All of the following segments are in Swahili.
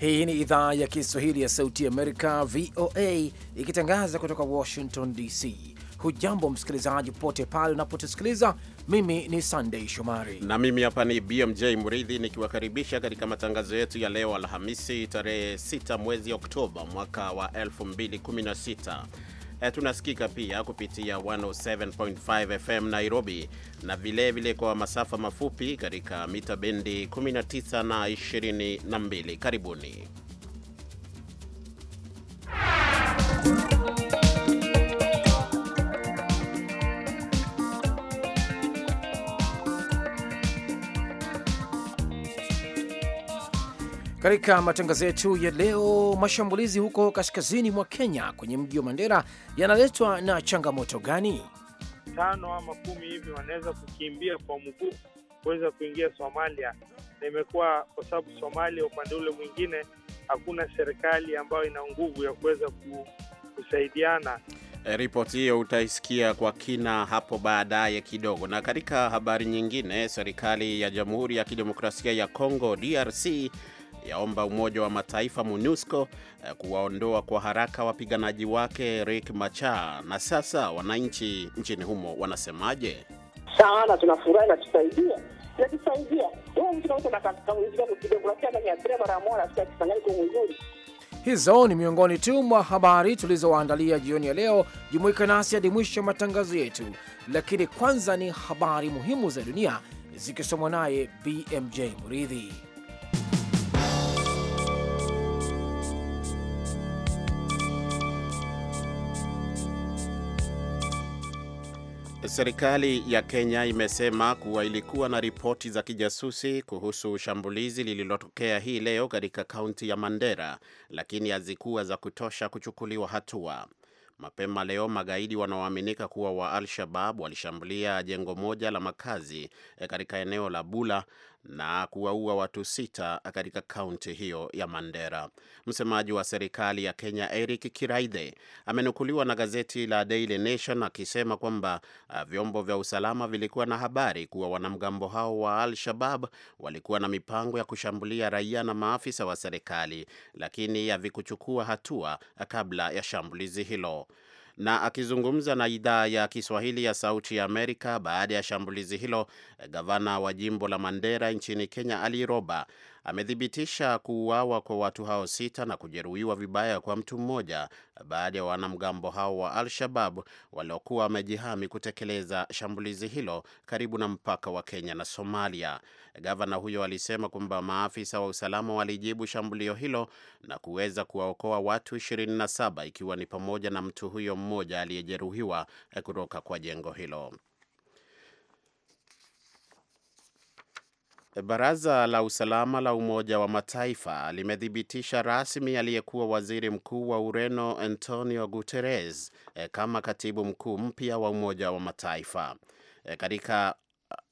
Hii ni idhaa ya Kiswahili ya Sauti Amerika, VOA, ikitangaza kutoka Washington DC. Hujambo msikilizaji, popote pale unapotusikiliza. Mimi ni Sandei Shomari na mimi hapa ni BMJ Mridhi nikiwakaribisha katika matangazo yetu ya leo Alhamisi, tarehe 6 mwezi Oktoba mwaka wa 2016. Eh, tunasikika pia kupitia 107.5 FM Nairobi na vilevile vile kwa masafa mafupi katika mita bendi 19 na 22. Karibuni Katika matangazo yetu ya leo, mashambulizi huko kaskazini mwa Kenya kwenye mji wa Mandera yanaletwa na changamoto gani? Tano ama kumi hivi wanaweza kukimbia kwa mguu kuweza kuingia Somalia, na imekuwa kwa sababu Somalia upande ule mwingine hakuna serikali ambayo ina nguvu ya kuweza kusaidiana. Eh, ripoti hiyo utaisikia kwa kina hapo baadaye kidogo. Na katika habari nyingine, serikali ya Jamhuri ya Kidemokrasia ya Kongo DRC yaomba Umoja wa Mataifa MONUSCO eh, kuwaondoa kwa haraka wapiganaji wake rik macha Na sasa wananchi nchini humo wanasemaje? Sana tunafurahi na tusaidia natusaidia Hizo ni miongoni tu mwa habari tulizowaandalia jioni ya leo. Jumuika nasi hadi mwisho matangazo yetu, lakini kwanza ni habari muhimu za dunia zikisomwa naye BMJ Muridhi. Serikali ya Kenya imesema kuwa ilikuwa na ripoti za kijasusi kuhusu shambulizi lililotokea hii leo katika kaunti ya Mandera, lakini hazikuwa za kutosha kuchukuliwa hatua. Mapema leo magaidi wanaoaminika kuwa wa Al-Shabab walishambulia jengo moja la makazi eh, katika eneo la Bula na kuwaua watu sita katika kaunti hiyo ya Mandera. Msemaji wa serikali ya Kenya Eric Kiraithe amenukuliwa na gazeti la Daily Nation akisema kwamba uh, vyombo vya usalama vilikuwa na habari kuwa wanamgambo hao wa Al-Shabab walikuwa na mipango ya kushambulia raia na maafisa wa serikali, lakini havikuchukua hatua uh, kabla ya shambulizi hilo. Na akizungumza na idhaa ya Kiswahili ya Sauti ya Amerika baada ya shambulizi hilo, gavana wa jimbo la Mandera nchini Kenya, Ali Roba, amethibitisha kuuawa kwa watu hao sita na kujeruhiwa vibaya kwa mtu mmoja baada ya wanamgambo hao wa Al-Shabab waliokuwa wamejihami kutekeleza shambulizi hilo karibu na mpaka wa Kenya na Somalia. Gavana huyo alisema kwamba maafisa wa usalama walijibu shambulio hilo na kuweza kuwaokoa watu 27 ikiwa ni pamoja na mtu huyo mmoja aliyejeruhiwa eh, kutoka kwa jengo hilo. Baraza la usalama la Umoja wa Mataifa limethibitisha rasmi aliyekuwa waziri mkuu wa Ureno Antonio Guterres eh, kama katibu mkuu mpya wa Umoja wa Mataifa. Eh, katika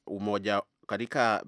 uh, umoja katika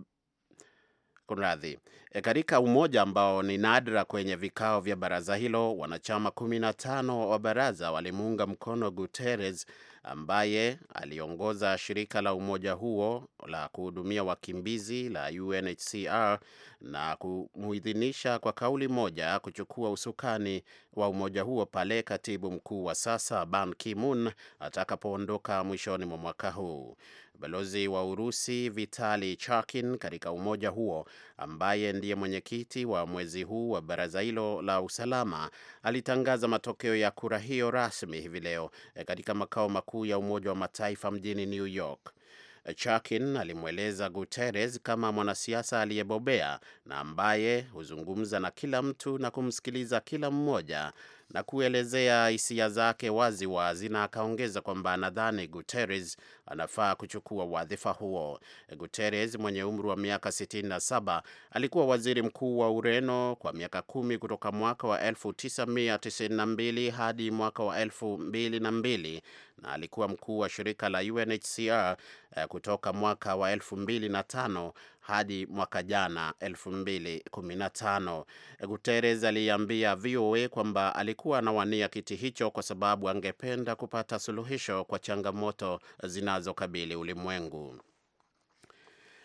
con la de... E, katika umoja ambao ni nadra kwenye vikao vya baraza hilo, wanachama 15 wa baraza walimuunga mkono Guterres ambaye aliongoza shirika la umoja huo la kuhudumia wakimbizi la UNHCR na kumuidhinisha kwa kauli moja kuchukua usukani wa umoja huo pale katibu mkuu wa sasa Ban Ki-moon atakapoondoka mwishoni mwa mwaka huu. Balozi wa Urusi Vitali Chakin katika umoja huo ambaye ndi ndiye mwenyekiti wa mwezi huu wa baraza hilo la usalama, alitangaza matokeo ya kura hiyo rasmi hivi leo eh, katika makao makuu ya Umoja wa Mataifa mjini New York. Eh, Chakin alimweleza Guterres kama mwanasiasa aliyebobea na ambaye huzungumza na kila mtu na kumsikiliza kila mmoja na kuelezea hisia zake wazi wazi, na akaongeza kwamba anadhani Guterres anafaa kuchukua wadhifa huo. Guterres mwenye umri wa miaka 67 alikuwa waziri mkuu wa Ureno kwa miaka kumi kutoka mwaka wa 1992 hadi mwaka wa 2002 na alikuwa mkuu wa shirika la UNHCR eh, kutoka mwaka wa 2005 hadi mwaka jana 2015. Guterres aliambia VOA kwamba alikuwa anawania kiti hicho kwa sababu angependa kupata suluhisho kwa changamoto zinazokabili ulimwengu.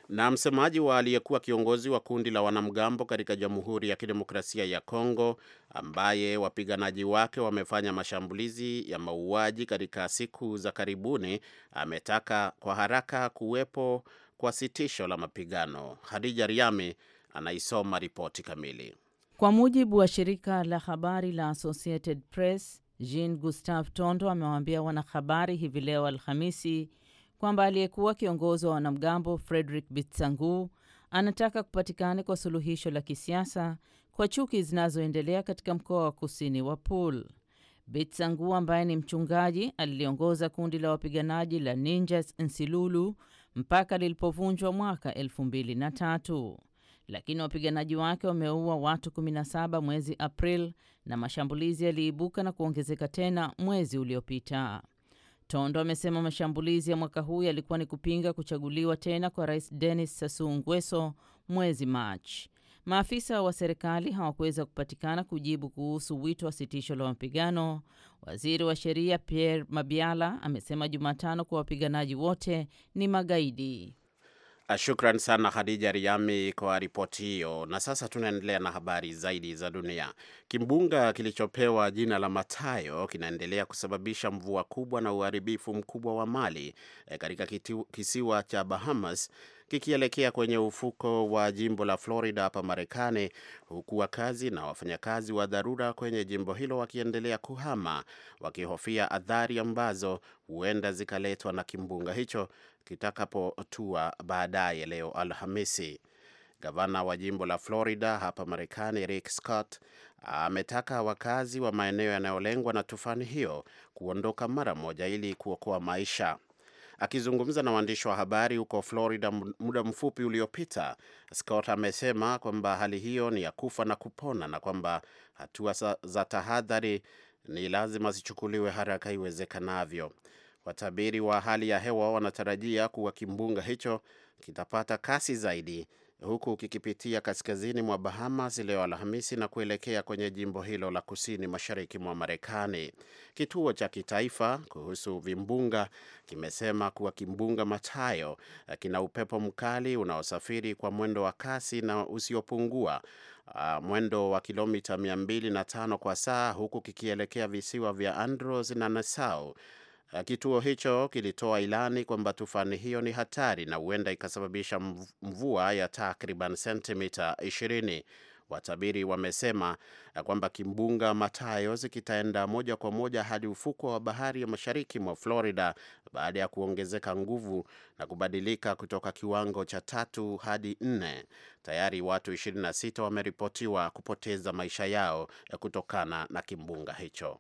Na msemaji wa aliyekuwa kiongozi wa kundi la wanamgambo katika Jamhuri ya Kidemokrasia ya Kongo ambaye wapiganaji wake wamefanya mashambulizi ya mauaji katika siku za karibuni ametaka kwa haraka kuwepo kwa sitisho la mapigano. Hadija Riami anaisoma ripoti kamili. Kwa mujibu wa shirika la habari la Associated Press, Jean Gustave Tondo amewaambia wanahabari hivi leo Alhamisi kwamba aliyekuwa kiongozi wa wanamgambo Frederick Bitsangu anataka kupatikane kwa suluhisho la kisiasa kwa chuki zinazoendelea katika mkoa wa kusini wa Pool. Bitsangu ambaye ni mchungaji aliliongoza kundi la wapiganaji la Ninjas Nsilulu mpaka lilipovunjwa mwaka 2003 lakini wapiganaji wake wameua watu 17 mwezi April na mashambulizi yaliibuka na kuongezeka tena mwezi uliopita. Tondo amesema mashambulizi ya mwaka huu yalikuwa ni kupinga kuchaguliwa tena kwa Rais Denis Sassou Nguesso mwezi Machi. Maafisa wa serikali hawakuweza kupatikana kujibu kuhusu wito wa sitisho la mapigano. Waziri wa sheria Pierre Mabiala amesema Jumatano kuwa wapiganaji wote ni magaidi. Ah, shukran sana Khadija Riami kwa ripoti hiyo. Na sasa tunaendelea na habari zaidi za dunia. Kimbunga kilichopewa jina la Matayo kinaendelea kusababisha mvua kubwa na uharibifu mkubwa wa mali eh, katika kisiwa cha Bahamas kikielekea kwenye ufuko wa jimbo la Florida hapa Marekani, huku wakazi na wafanyakazi wa dharura kwenye jimbo hilo wakiendelea kuhama wakihofia athari ambazo huenda zikaletwa na kimbunga hicho kitakapotua baadaye leo Alhamisi. Gavana wa jimbo la Florida hapa Marekani, Rick Scott, ametaka wakazi wa maeneo yanayolengwa na tufani hiyo kuondoka mara moja ili kuokoa maisha. Akizungumza na waandishi wa habari huko Florida muda mfupi uliopita, Scott amesema kwamba hali hiyo ni ya kufa na kupona na kwamba hatua za tahadhari ni lazima zichukuliwe haraka iwezekanavyo. Watabiri wa hali ya hewa wanatarajia kuwa kimbunga hicho kitapata kasi zaidi huku kikipitia kaskazini mwa Bahamas leo Alhamisi na kuelekea kwenye jimbo hilo la kusini mashariki mwa Marekani. Kituo cha kitaifa kuhusu vimbunga kimesema kuwa kimbunga Matayo eh, kina upepo mkali unaosafiri kwa mwendo wa kasi na usiopungua uh, mwendo wa kilomita 205 kwa saa, huku kikielekea visiwa vya Andros na Nassau Uh, kituo hicho kilitoa ilani kwamba tufani hiyo ni hatari na huenda ikasababisha mvua ya takriban sentimita 20. Watabiri wamesema uh, kwamba kimbunga Matayos kitaenda moja kwa moja hadi ufukwa wa bahari ya mashariki mwa Florida baada ya kuongezeka nguvu na kubadilika kutoka kiwango cha tatu hadi nne. Tayari watu 26 wameripotiwa kupoteza maisha yao uh, kutokana na kimbunga hicho.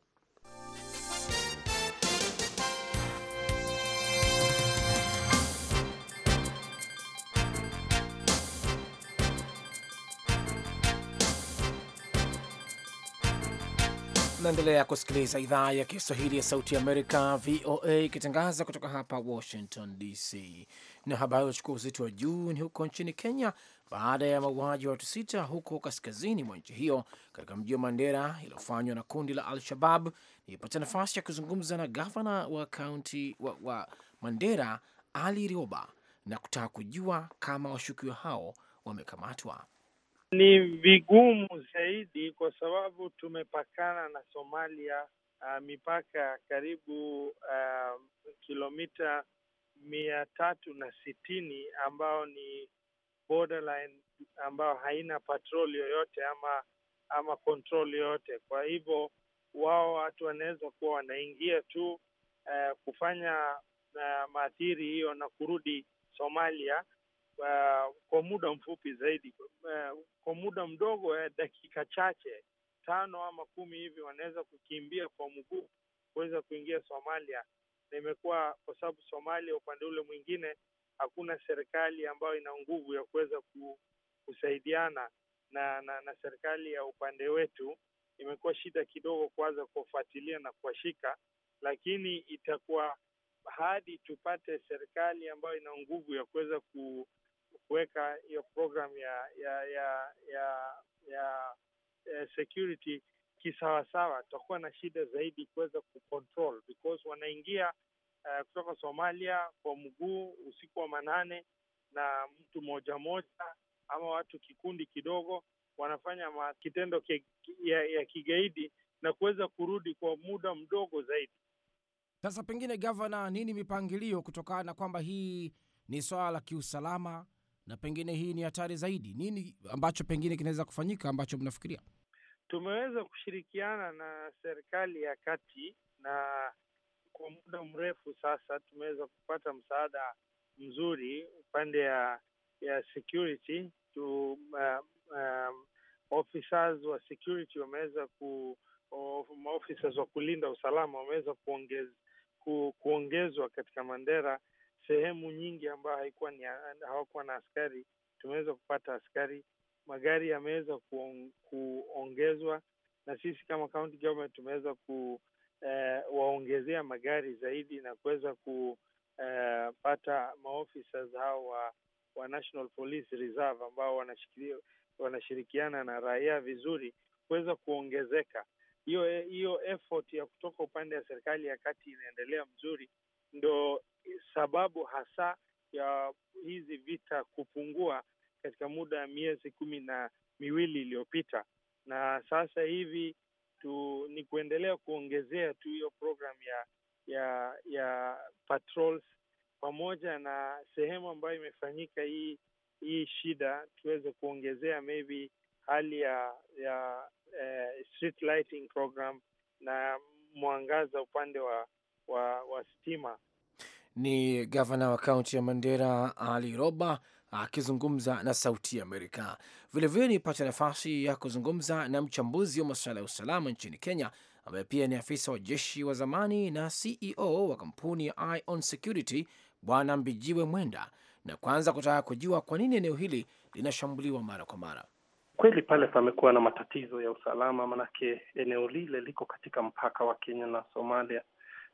Naendelea kusikiliza idhaa ya Kiswahili ya Sauti Amerika, VOA, ikitangaza kutoka hapa Washington DC. Na habari wachukua uzito wa juu ni huko nchini Kenya, baada ya mauaji wa watu sita huko kaskazini mwa nchi hiyo katika mji wa Mandera iliyofanywa na kundi la Al-Shabab. Nilipata nafasi ya kuzungumza na gavana wa kaunti wa, wa Mandera, Ali Rioba, na kutaka kujua kama washukiwa hao wamekamatwa. Ni vigumu zaidi kwa sababu tumepakana na Somalia uh, mipaka karibu uh, kilomita mia tatu na sitini ambao ni borderline ambayo haina patrol yoyote ama ama control yoyote. Kwa hivyo wao watu wanaweza kuwa wanaingia tu uh, kufanya uh, maathiri hiyo na kurudi Somalia uh, kwa muda mfupi zaidi, eh, kwa muda mdogo ya eh, dakika chache tano ama kumi hivi, wanaweza kukimbia kwa mguu kuweza kuingia Somalia, na imekuwa kwa sababu Somalia upande ule mwingine hakuna serikali ambayo ina nguvu ya kuweza kusaidiana na, na, na serikali ya upande wetu, imekuwa shida kidogo kuanza kufuatilia na kuwashika, lakini itakuwa hadi tupate serikali ambayo ina nguvu ya kuweza ku kuweka hiyo programu ya ya ya ya ya, ya eh, security kisawasawa, tutakuwa na shida zaidi kuweza kucontrol because wanaingia uh, kutoka Somalia kwa mguu usiku wa manane, na mtu moja moja ama watu kikundi kidogo wanafanya kitendo ke, ya, ya kigaidi na kuweza kurudi kwa muda mdogo zaidi. Sasa pengine, gavana, nini mipangilio kutokana na kwamba hii ni swala la kiusalama na pengine hii ni hatari zaidi. Nini ambacho pengine kinaweza kufanyika ambacho mnafikiria? Tumeweza kushirikiana na serikali ya kati na kwa muda mrefu sasa tumeweza kupata msaada mzuri upande ya ya security tu, um, um, officers wa security wameweza ku maofisa wa kulinda usalama wameweza kuongez, ku, kuongezwa katika Mandera sehemu nyingi ambayo haikuwa ni hawakuwa na askari, tumeweza kupata askari, magari yameweza kuongezwa, na sisi kama county government tumeweza kuwaongezea eh, magari zaidi na kuweza kupata eh, maofisa hao wa, wa National Police Reserve ambao wanashirikiana na raia vizuri kuweza kuongezeka. Hiyo hiyo effort ya kutoka upande wa serikali ya kati inaendelea mzuri, ndo sababu hasa ya hizi vita kupungua katika muda ya miezi kumi na miwili iliyopita, na sasa hivi tu ni kuendelea kuongezea tu hiyo program ya ya ya patrols pamoja na sehemu ambayo imefanyika hii hii shida, tuweze kuongezea maybe hali ya ya eh, street lighting program na mwangaza upande wa wa, wa stima. Ni gavana wa kaunti ya Mandera Ali Roba akizungumza na Sauti ya Amerika. Vilevile nipata nafasi ya kuzungumza na mchambuzi wa masuala ya usalama nchini Kenya ambaye pia ni afisa wa jeshi wa zamani na CEO wa kampuni ya Ion Security Bwana Mbijiwe Mwenda, na kwanza kutaka kujua kwa nini eneo hili linashambuliwa mara kwa mara. Kweli pale pamekuwa na matatizo ya usalama, manake eneo lile liko katika mpaka wa Kenya na Somalia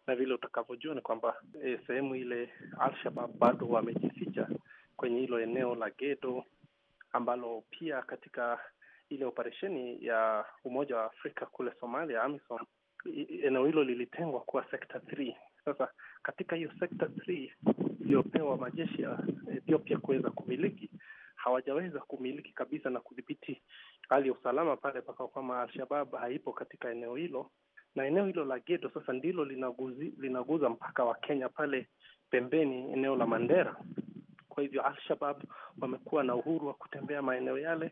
na vile utakavyojua ni kwamba e, sehemu ile Alshabab bado wamejificha kwenye hilo eneo la Gedo ambalo pia katika ile operesheni ya Umoja wa Afrika kule Somalia, AMISOM, eneo hilo lilitengwa kuwa sekta 3. Sasa katika hiyo sekta 3 iliyopewa majeshi ya Ethiopia kuweza kumiliki, hawajaweza kumiliki kabisa na kudhibiti hali ya usalama pale, mpaka kwamba Alshabab haipo katika eneo hilo na eneo hilo la Gedo sasa ndilo linaguzi, linaguza mpaka wa Kenya pale pembeni, eneo la Mandera. Kwa hivyo alshabab wamekuwa na uhuru wa kutembea maeneo yale,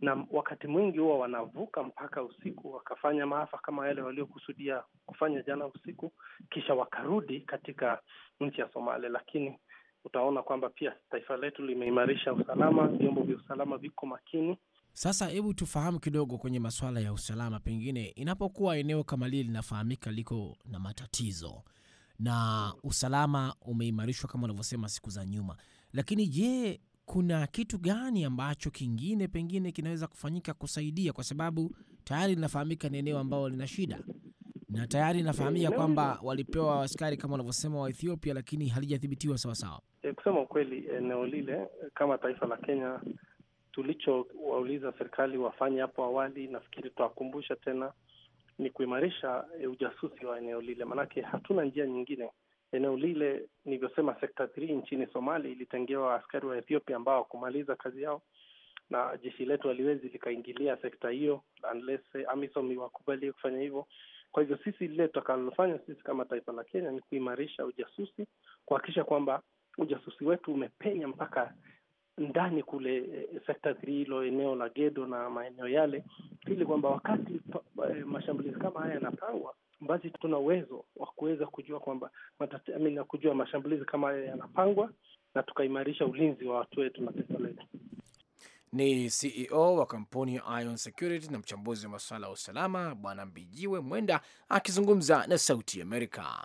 na wakati mwingi huwa wanavuka mpaka usiku wakafanya maafa kama yale waliokusudia kufanya jana usiku, kisha wakarudi katika nchi ya Somalia. Lakini utaona kwamba pia taifa letu limeimarisha usalama, vyombo vya usalama viko makini sasa hebu tufahamu kidogo kwenye masuala ya usalama, pengine inapokuwa eneo kama lile linafahamika liko na matatizo na usalama umeimarishwa kama unavyosema siku za nyuma, lakini je, kuna kitu gani ambacho kingine pengine kinaweza kufanyika kusaidia, kwa sababu tayari linafahamika ni eneo ambalo lina shida na tayari inafahamia kwamba walipewa askari kama wanavyosema wa Ethiopia, lakini halijathibitiwa sawasawa. E, kusema ukweli, eneo lile kama taifa la Kenya tulichowauliza serikali wafanye hapo awali, nafikiri tutawakumbusha tena, ni kuimarisha e, ujasusi wa eneo lile, maanake hatuna njia nyingine. Eneo lile nilivyosema, sekta 3 nchini Somalia ilitengewa askari wa Ethiopia ambao wakumaliza kazi yao, na jeshi letu haliwezi likaingilia sekta hiyo unless eh, AMISOM iwakubalie kufanya hivyo. Kwa hivyo sisi lile tutakalofanya sisi kama taifa la Kenya ni kuimarisha ujasusi, kuhakikisha kwamba ujasusi wetu umepenya mpaka ndani kule e, sekta three hilo eneo la Gedo na maeneo yale, ili kwamba wakati e, mashambulizi kama haya yanapangwa, basi tuna uwezo wa kuweza kujua kwamba kujua mashambulizi kama haya yanapangwa na tukaimarisha ulinzi wa watu wetu na taifa letu. Ni CEO wa kampuni ya Ion Security na mchambuzi wa masuala ya usalama Bwana Mbijiwe Mwenda akizungumza na Sauti Amerika.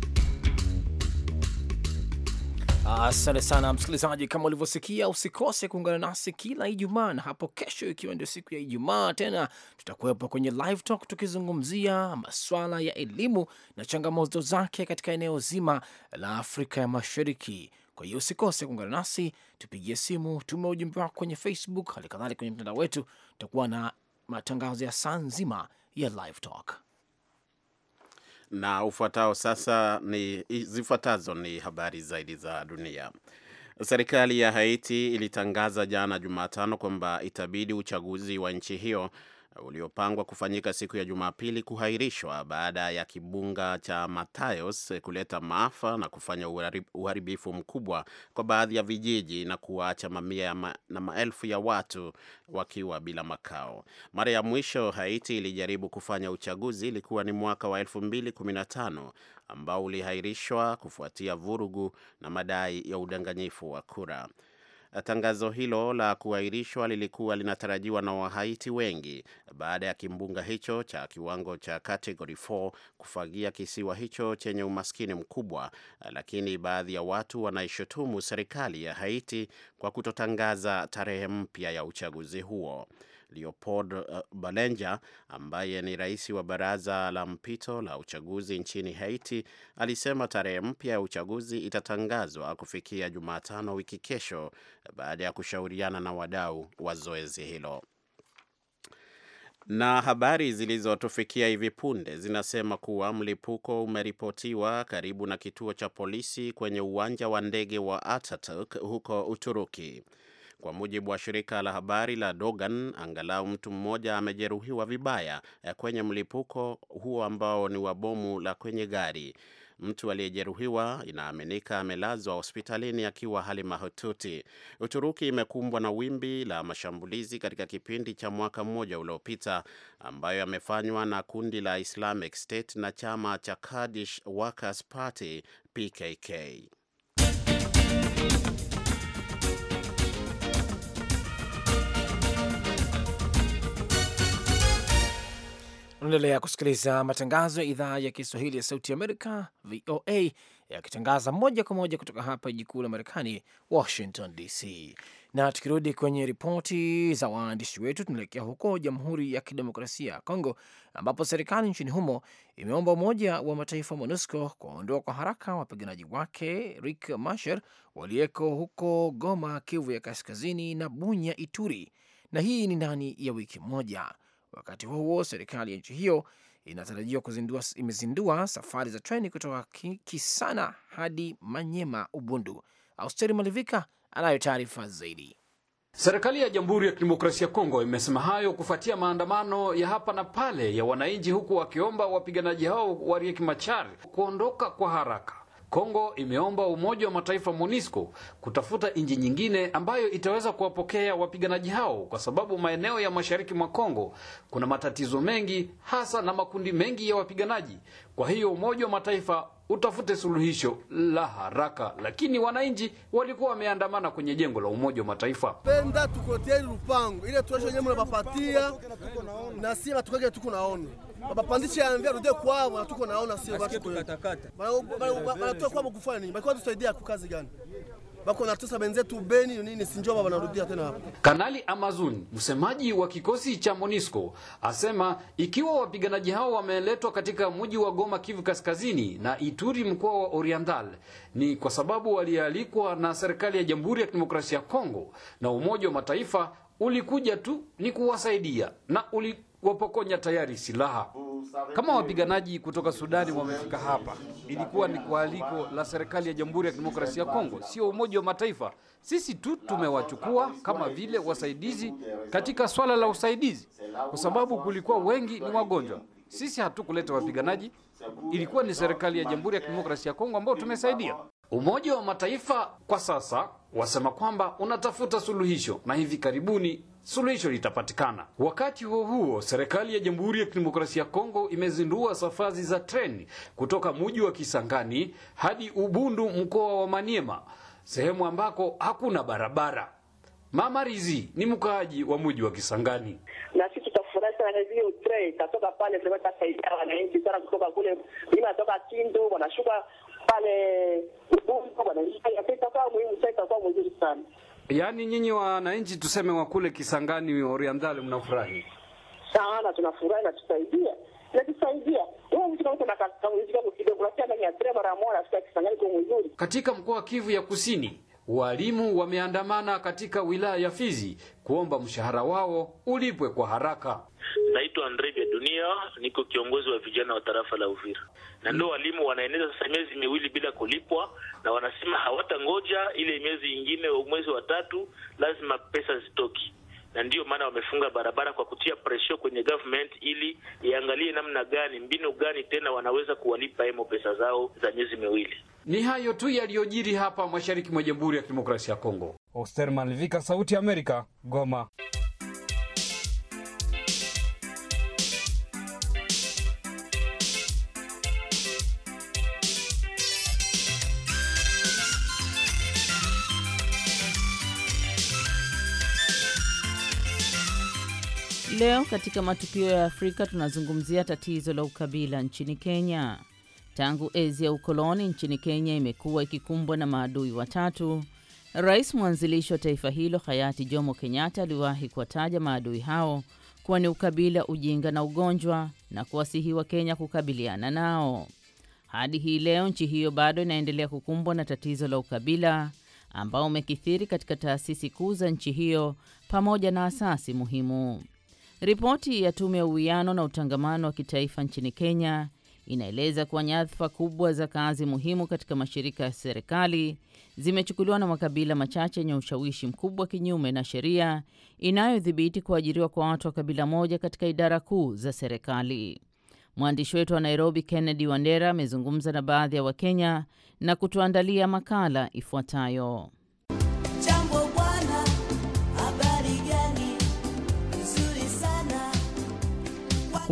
Asante sana msikilizaji, kama ulivyosikia, usikose kuungana nasi kila Ijumaa na hapo kesho, ikiwa ndio siku ya Ijumaa tena tutakuwepo kwenye live talk tukizungumzia maswala ya elimu na changamoto zake katika eneo zima la Afrika ya Mashariki. Kwa hiyo usikose kuungana nasi, tupigie simu, tume ujumbe wako kwenye Facebook, hali kadhalika kwenye mtandao wetu. Tutakuwa na matangazo ya saa nzima ya live talk na ufuatao sasa ni zifuatazo ni habari zaidi za dunia. Serikali ya Haiti ilitangaza jana Jumatano kwamba itabidi uchaguzi wa nchi hiyo uliopangwa kufanyika siku ya Jumapili kuhairishwa baada ya kibunga cha Matayos kuleta maafa na kufanya uharibifu mkubwa kwa baadhi ya vijiji na kuwaacha mamia ma, na maelfu ya watu wakiwa bila makao. Mara ya mwisho Haiti ilijaribu kufanya uchaguzi ilikuwa ni mwaka wa 2015 ambao ulihairishwa kufuatia vurugu na madai ya udanganyifu wa kura. Tangazo hilo la kuahirishwa lilikuwa linatarajiwa na Wahaiti wengi baada ya kimbunga hicho cha kiwango cha category 4 kufagia kisiwa hicho chenye umaskini mkubwa, lakini baadhi ya watu wanaishutumu serikali ya Haiti kwa kutotangaza tarehe mpya ya uchaguzi huo. Leopold uh, Balenja ambaye ni rais wa baraza la mpito la uchaguzi nchini Haiti alisema tarehe mpya ya uchaguzi itatangazwa kufikia Jumatano wiki kesho baada ya kushauriana na wadau wa zoezi hilo. Na habari zilizotufikia hivi punde zinasema kuwa mlipuko umeripotiwa karibu na kituo cha polisi kwenye uwanja wa ndege wa Ataturk huko Uturuki. Kwa mujibu wa shirika la habari la Dogan, angalau mtu mmoja amejeruhiwa vibaya eh, kwenye mlipuko huo ambao ni wa bomu la kwenye gari. Mtu aliyejeruhiwa inaaminika amelazwa hospitalini akiwa hali mahututi. Uturuki imekumbwa na wimbi la mashambulizi katika kipindi cha mwaka mmoja uliopita ambayo yamefanywa na kundi la Islamic State na chama cha Kurdish Workers Party PKK. Unaendelea kusikiliza matangazo ya idhaa ya Kiswahili ya Sauti Amerika, VOA, yakitangaza moja kwa moja kutoka hapa jiji kuu la Marekani, Washington DC. Na tukirudi kwenye ripoti za waandishi wetu, tunaelekea huko Jamhuri ya Kidemokrasia ya Kongo, ambapo serikali nchini humo imeomba Umoja wa Mataifa MONUSCO kuwaondoa kwa haraka wapiganaji wake rick masher waliyeko huko Goma, Kivu ya Kaskazini, na Bunya, Ituri, na hii ni ndani ya wiki moja. Wakati huo huo, serikali ya nchi hiyo inatarajiwa kuzindua, imezindua safari za treni kutoka Kisana hadi Manyema, Ubundu. Austeri Malivika anayo taarifa zaidi. Serikali ya Jamhuri ya Kidemokrasia ya Kongo imesema hayo kufuatia maandamano ya hapa na pale ya wananchi, huku wakiomba wapiganaji hao wa Riek Machar kuondoka kwa haraka. Kongo imeomba Umoja wa Mataifa MONUSCO kutafuta nchi nyingine ambayo itaweza kuwapokea wapiganaji hao, kwa sababu maeneo ya mashariki mwa Kongo kuna matatizo mengi, hasa na makundi mengi ya wapiganaji kwa hiyo Umoja wa Mataifa utafute suluhisho la haraka, lakini wananchi walikuwa wameandamana kwenye jengo la Umoja wa Mataifa. Penda tukotieni lupango ile tuesho nyemu nabapatia na sie batukage tuko naona babapandishe ambia rudie kwabo na tuko naona sie batu kwetu banatua kwabo kufanya nini, balikuwa tusaidia kukazi gani? bako natusa benzetu Beni nini sinjoma wanarudia tena hapa. Kanali Amazon, msemaji wa kikosi cha Monisco, asema ikiwa wapiganaji hao wameletwa katika mji wa Goma, Kivu Kaskazini na Ituri, mkoa wa Oriental, ni kwa sababu walialikwa na serikali ya Jamhuri ya Kidemokrasia ya Kongo na Umoja wa Mataifa ulikuja tu ni kuwasaidia na uli kuwapokonya tayari silaha. Kama wapiganaji kutoka Sudani wamefika hapa, ilikuwa ni kwa aliko la serikali ya Jamhuri ya Kidemokrasia ya Kongo, sio Umoja wa Mataifa. Sisi tu tumewachukua kama vile wasaidizi katika swala la usaidizi, kwa sababu kulikuwa wengi ni wagonjwa. Sisi hatukuleta wapiganaji, ilikuwa ni serikali ya Jamhuri ya Kidemokrasia ya Kongo ambao tumesaidia. Umoja wa Mataifa kwa sasa wasema kwamba unatafuta suluhisho na hivi karibuni suluhisho litapatikana. Wakati huo huo, serikali ya Jamhuri ya Kidemokrasia ya Kongo imezindua safari za treni kutoka mji wa Kisangani hadi Ubundu, mkoa wa Maniema, sehemu ambako hakuna barabara. Mama Rizi ni mkaaji wa mji wa Kisangani. Na sisi tutafurahi sana hiyo train itatoka pale, itasaidia wananchi sana kutoka kule, mimi Kindu, wanashuka pale itakuwa muhimu sana, itakuwa mzuri sana. Yaani nyinyi wananchi tuseme wa kule Kisangani Oriental mnafurahi sana, tunafurahi na tusaidia na tusaidia wewe kuna kama natusaidia kidogo, lakini ndani ya mara moja sasa Kisangani kwa mzuri katika mkoa wa Kivu ya Kusini Walimu wameandamana katika wilaya ya Fizi kuomba mshahara wao ulipwe kwa haraka. Naitwa Andre vya Dunia, niko kiongozi wa vijana wa tarafa la Uvira na ndio walimu wanaeneza sasa miezi miwili bila kulipwa, na wanasema hawatangoja ile miezi ingine, mwezi wa tatu lazima pesa zitoki na ndiyo maana wamefunga barabara kwa kutia presho kwenye government ili iangalie namna gani, mbinu gani tena wanaweza kuwalipa hemo pesa zao za miezi miwili. Ni hayo tu yaliyojiri hapa mashariki mwa Jamhuri ya Kidemokrasia ya Kongo. Oster Malivika, Sauti ya Amerika, Goma. Leo katika matukio ya Afrika tunazungumzia tatizo la ukabila nchini Kenya. Tangu enzi ya ukoloni nchini Kenya imekuwa ikikumbwa na maadui watatu. Rais mwanzilishi wa taifa hilo hayati Jomo Kenyatta aliwahi kuwataja maadui hao kuwa ni ukabila, ujinga na ugonjwa, na kuwasihi kenya kukabiliana nao. Hadi hii leo nchi hiyo bado inaendelea kukumbwa na tatizo la ukabila ambao umekithiri katika taasisi kuu za nchi hiyo pamoja na asasi muhimu. Ripoti ya tume ya uwiano na utangamano wa kitaifa nchini Kenya inaeleza kuwa nyadhifa kubwa za kazi muhimu katika mashirika ya serikali zimechukuliwa na makabila machache yenye ushawishi mkubwa kinyume na sheria inayodhibiti kuajiriwa kwa watu wa kabila moja katika idara kuu za serikali. Mwandishi wetu wa Nairobi, Kennedy Wandera, amezungumza na baadhi ya Wakenya na kutuandalia makala ifuatayo.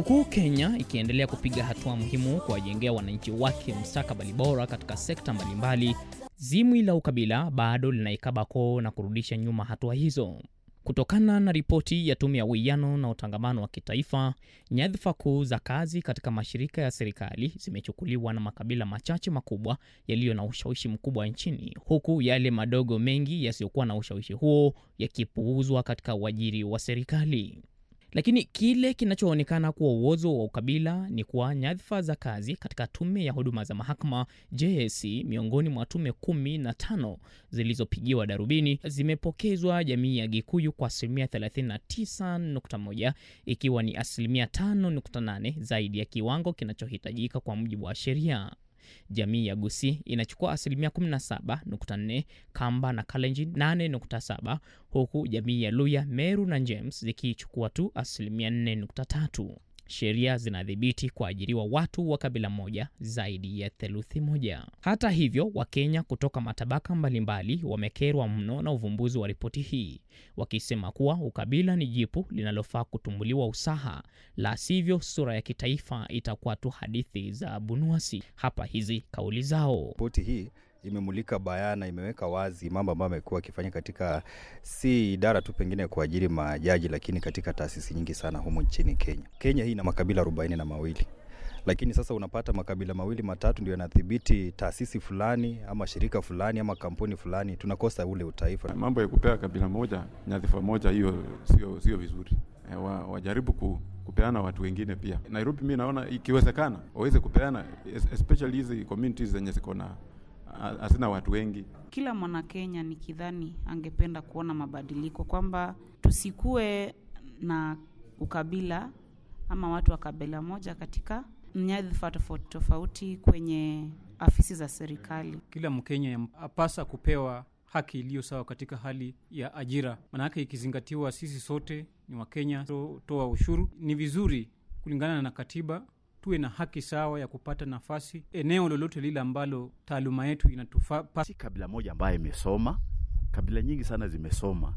Huku Kenya ikiendelea kupiga hatua muhimu kuwajengea wananchi wake mstakabali bora katika sekta mbalimbali, zimwi la ukabila bado linaikaba koo na kurudisha nyuma hatua hizo. Kutokana na ripoti ya Tume ya Uwiano na Utangamano wa Kitaifa, nyadhifa kuu za kazi katika mashirika ya serikali zimechukuliwa na makabila machache makubwa yaliyo na ushawishi mkubwa nchini, huku yale madogo mengi yasiyokuwa na ushawishi huo yakipuuzwa katika uajiri wa serikali. Lakini kile kinachoonekana kuwa uozo wa ukabila ni kuwa nyadhifa za kazi katika Tume ya Huduma za Mahakama JSC miongoni mwa tume kumi na tano zilizopigiwa darubini zimepokezwa jamii ya Gikuyu kwa asilimia 39.1 ikiwa ni asilimia 5.8 zaidi ya kiwango kinachohitajika kwa mujibu wa sheria. Jamii ya Gusii inachukua asilimia 17.4, Kamba na Kalenjin 8.7, huku jamii ya luya Meru na james zikichukua tu asilimia 4.3 sheria zinadhibiti kuajiriwa watu wa kabila moja zaidi ya theluthi moja. Hata hivyo, Wakenya kutoka matabaka mbalimbali wamekerwa mno na uvumbuzi wa ripoti hii, wakisema kuwa ukabila ni jipu linalofaa kutumbuliwa usaha, la sivyo sura ya kitaifa itakuwa tu hadithi za bunuasi. Hapa hizi kauli zao. Ripoti hii imemulika bayana, imeweka wazi mambo ambayo amekuwa akifanya katika si idara tu pengine kwa ajili majaji, lakini katika taasisi nyingi sana humu nchini Kenya. Kenya hii ina makabila arobaini na mawili lakini sasa unapata makabila mawili matatu ndio yanadhibiti taasisi fulani ama shirika fulani ama kampuni fulani, tunakosa ule utaifa. Mambo ya kupea kabila moja nyadhifa moja, hiyo sio sio vizuri. E, wa, wajaribu ku, kupeana watu wengine pia. Nairobi mi naona ikiwezekana waweze kupeana especially hizi communities zenye ziko na hazina watu wengi. Kila Mwanakenya nikidhani angependa kuona mabadiliko, kwamba tusikue na ukabila ama watu wa kabila moja katika nyadhifa tofauti tofauti kwenye afisi za serikali. Kila Mkenya apasa kupewa haki iliyo sawa katika hali ya ajira, maanake ikizingatiwa sisi sote ni Wakenya, toa ushuru ni vizuri kulingana na katiba tuwe na haki sawa ya kupata nafasi eneo lolote lile ambalo taaluma yetu inatufaa. Si kabila moja ambayo imesoma, kabila nyingi sana zimesoma,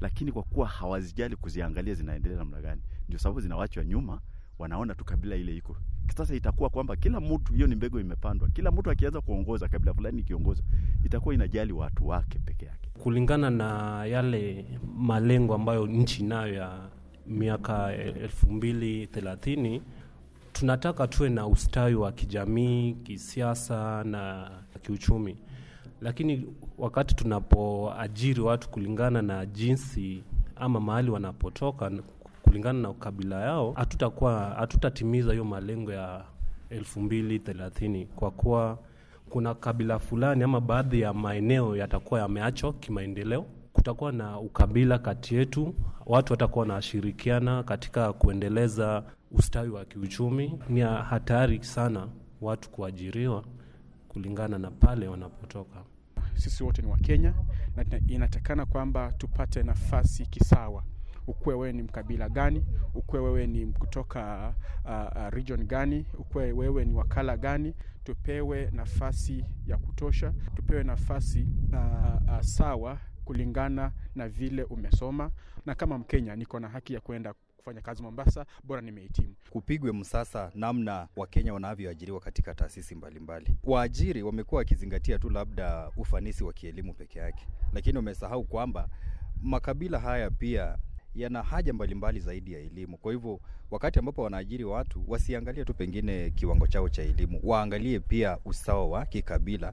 lakini kwa kuwa hawazijali kuziangalia zinaendelea namna gani, ndio sababu zinawachwa nyuma. Wanaona tu kabila ile iko sasa. Itakuwa kwamba kila mtu, hiyo ni mbegu imepandwa, kila mtu akianza kuongoza, kabila fulani ikiongoza, itakuwa inajali watu wake peke yake, kulingana na yale malengo ambayo nchi nayo ya miaka eh, elfu mbili thelathini tunataka tuwe na ustawi wa kijamii, kisiasa na kiuchumi, lakini wakati tunapoajiri watu kulingana na jinsi ama mahali wanapotoka kulingana na kabila yao, hatutakuwa hatutatimiza hiyo malengo ya elfu mbili thelathini kwa kuwa kuna kabila fulani ama baadhi ya maeneo yatakuwa yameachwa kimaendeleo. Kutakuwa na ukabila kati yetu, watu watakuwa wanashirikiana katika kuendeleza ustawi wa kiuchumi. Ni hatari sana watu kuajiriwa kulingana na pale wanapotoka. Sisi wote ni Wakenya na inatakana kwamba tupate nafasi kisawa ukuwe wewe ni mkabila gani, ukuwe wewe ni kutoka uh, region gani, ukuwe wewe ni wakala gani, tupewe nafasi ya kutosha, tupewe nafasi uh, uh, sawa kulingana na vile umesoma, na kama Mkenya niko na haki ya kwenda kufanya kazi Mombasa, bora nimehitimu. Kupigwe msasa namna Wakenya wanavyoajiriwa katika taasisi mbalimbali. Waajiri wamekuwa wakizingatia tu labda ufanisi wa kielimu peke yake, lakini wamesahau kwamba makabila haya pia yana haja mbalimbali zaidi ya elimu. Kwa hivyo wakati ambapo wanaajiri watu wasiangalie tu pengine kiwango chao cha elimu, waangalie pia usawa wa kikabila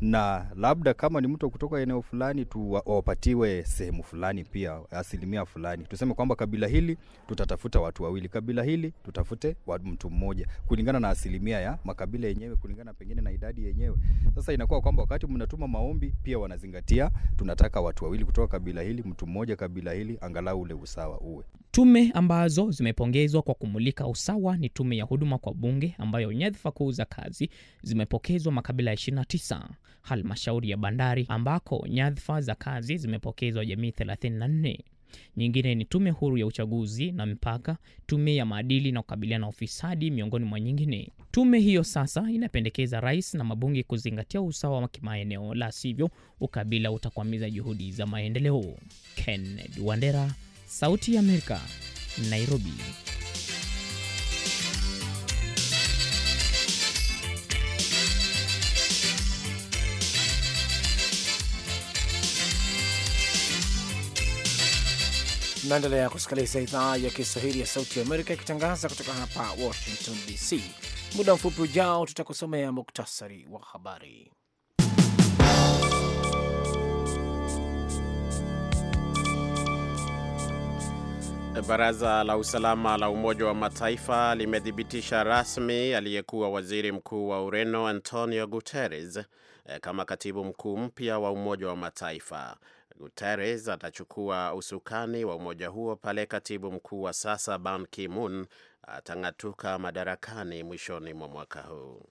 na labda kama ni mtu kutoka eneo fulani tu wapatiwe sehemu fulani, pia asilimia fulani. Tuseme kwamba kabila hili tutatafuta watu wawili, kabila hili tutafute mtu mmoja, kulingana na asilimia ya makabila yenyewe, kulingana pengine na idadi yenyewe. Sasa inakuwa kwamba wakati mnatuma maombi pia wanazingatia, tunataka watu wawili kutoka kabila hili, mtu mmoja kabila hili, angalau ule usawa uwe Tume ambazo zimepongezwa kwa kumulika usawa ni tume ya huduma kwa bunge ambayo nyadhifa kuu za kazi zimepokezwa makabila 29, halmashauri ya bandari ambako nyadhifa za kazi zimepokezwa jamii 34. Nyingine ni tume huru ya uchaguzi na mipaka, tume ya maadili na kukabiliana na ufisadi, miongoni mwa nyingine. Tume hiyo sasa inapendekeza rais na mabunge kuzingatia usawa wa kimaeneo, la sivyo ukabila utakwamiza juhudi za maendeleo. Kennedy Wandera, Sauti ya Amerika, Nairobi. Naendelea kusikiliza idhaa ya Kiswahili ya Sauti ya Amerika ikitangaza kutoka hapa Washington DC. Muda mfupi ujao, tutakusomea muktasari wa habari. Baraza la usalama la Umoja wa Mataifa limethibitisha rasmi aliyekuwa waziri mkuu wa Ureno Antonio Guterres eh, kama katibu mkuu mpya wa Umoja wa Mataifa. Guterres atachukua usukani wa umoja huo pale katibu mkuu wa sasa Ban Ki-moon atang'atuka madarakani mwishoni mwa mwaka huu.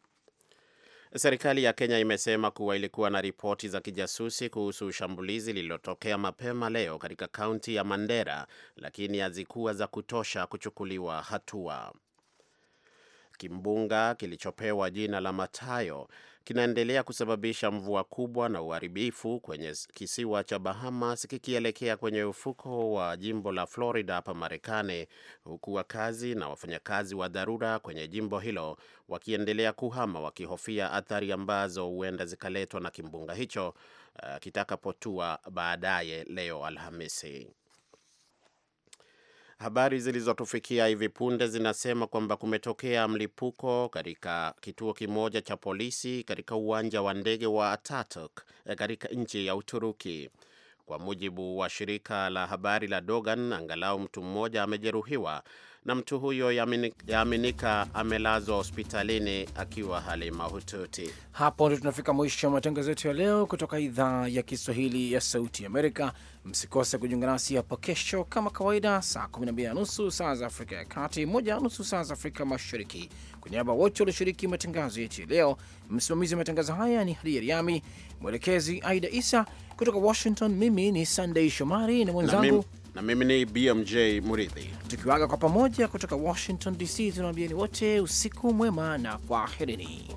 Serikali ya Kenya imesema kuwa ilikuwa na ripoti za kijasusi kuhusu shambulizi lililotokea mapema leo katika kaunti ya Mandera, lakini hazikuwa za kutosha kuchukuliwa hatua. Kimbunga kilichopewa jina la Matayo kinaendelea kusababisha mvua kubwa na uharibifu kwenye kisiwa cha Bahamas kikielekea kwenye ufuko wa jimbo la Florida hapa Marekani, huku wakazi na wafanyakazi wa dharura kwenye jimbo hilo wakiendelea kuhama wakihofia athari ambazo huenda zikaletwa na kimbunga hicho uh, kitakapotua baadaye leo Alhamisi. Habari zilizotufikia hivi punde zinasema kwamba kumetokea mlipuko katika kituo kimoja cha polisi katika uwanja wa ndege wa Ataturk eh, katika nchi ya Uturuki. Kwa mujibu wa shirika la habari la Dogan, angalau mtu mmoja amejeruhiwa na mtu huyo yaaminika amelazwa hospitalini akiwa hali mahututi. Hapo ndio tunafika mwisho wa matangazo yetu ya leo kutoka idhaa ya Kiswahili ya Sauti Amerika. Msikose kujiunga nasi hapo kesho kama kawaida, saa 12 na nusu saa za Afrika ya Kati, moja na nusu saa za Afrika Mashariki. Kwa niaba wote walioshiriki matangazo yetu ya leo, msimamizi wa matangazo haya ni Hadi Yariami, mwelekezi Aida Isa kutoka Washington. Mimi ni Sandei Shomari na mwenzangu na mimi ni BMJ Muridhi, tukiwaga kwa pamoja kutoka Washington DC, tunaambieni wote usiku mwema na kwaherini.